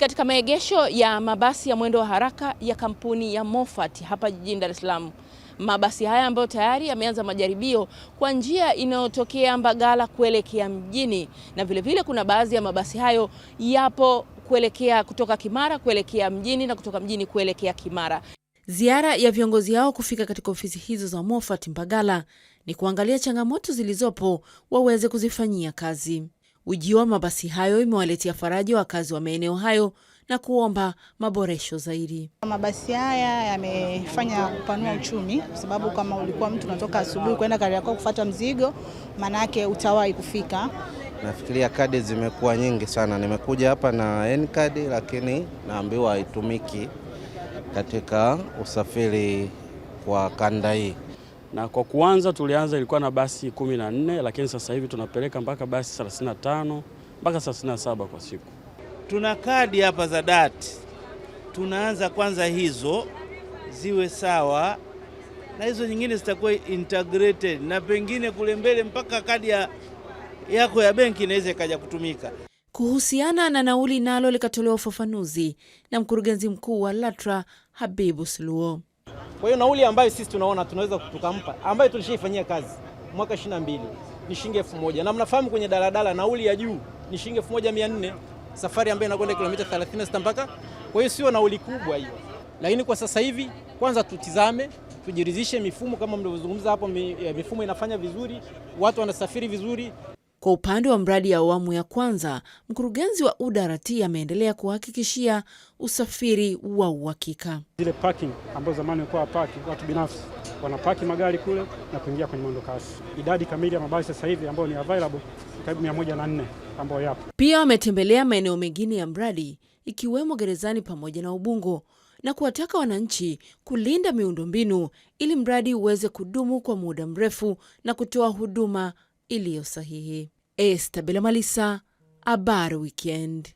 Katika maegesho ya mabasi ya mwendo wa haraka ya kampuni ya Mofat hapa jijini Dar es Salaam. Mabasi haya ambayo tayari yameanza majaribio kwa njia inayotokea Mbagala kuelekea mjini, na vilevile vile kuna baadhi ya mabasi hayo yapo kuelekea kutoka Kimara kuelekea mjini na kutoka mjini kuelekea Kimara. Ziara ya viongozi hao kufika katika ofisi hizo za mofat Mbagala ni kuangalia changamoto zilizopo waweze kuzifanyia kazi. Ujio wa mabasi hayo imewaletea faraja wakazi wa maeneo hayo na kuomba maboresho zaidi. Mabasi haya yamefanya kupanua uchumi, kwa sababu kama ulikuwa mtu unatoka asubuhi kwenda Kariakoo kufuata mzigo, maana yake utawahi kufika. Nafikiria kadi zimekuwa nyingi sana. Nimekuja hapa na n lakini naambiwa haitumiki katika usafiri kwa kanda hii na kwa kuanza tulianza ilikuwa na basi kumi na nne lakini sasa hivi tunapeleka mpaka basi 35 mpaka 37 kwa siku. Tuna kadi hapa za dati, tunaanza kwanza hizo ziwe sawa na hizo nyingine zitakuwa integrated na pengine kule mbele mpaka kadi ya yako ya benki inaweza ikaja kutumika. Kuhusiana na nauli nalo likatolewa ufafanuzi na mkurugenzi mkuu wa LATRA Habibu Suluo. Kwa hiyo nauli ambayo sisi tunaona tunaweza tukampa, ambayo tulishaifanyia kazi mwaka 22 ni shilingi elfu moja na mnafahamu kwenye daladala nauli ya juu ni shilingi elfu moja mia nne safari ambayo inakwenda kilomita 36 mpaka. Kwa hiyo sio nauli kubwa hiyo, lakini kwa sasa hivi kwanza tutizame tujiridhishe, mifumo kama mlivyozungumza hapo, eh, mifumo inafanya vizuri, watu wanasafiri vizuri. Kwa upande wa mradi ya awamu ya kwanza, mkurugenzi wa UDART ameendelea kuhakikishia usafiri wa uhakika. Zile parking ambazo zamani walikuwa wapaki watu binafsi wanapaki magari kule na kuingia kwenye mwendo kasi. Idadi kamili ya mabasi sasa hivi ambayo ni available karibu mia moja na nne ambayo yapo. Pia wametembelea maeneo mengine ya mradi ikiwemo Gerezani pamoja na Ubungo na kuwataka wananchi kulinda miundombinu ili mradi uweze kudumu kwa muda mrefu na kutoa huduma iliyo sahihi. Esta Belamalisa, abar Weekend.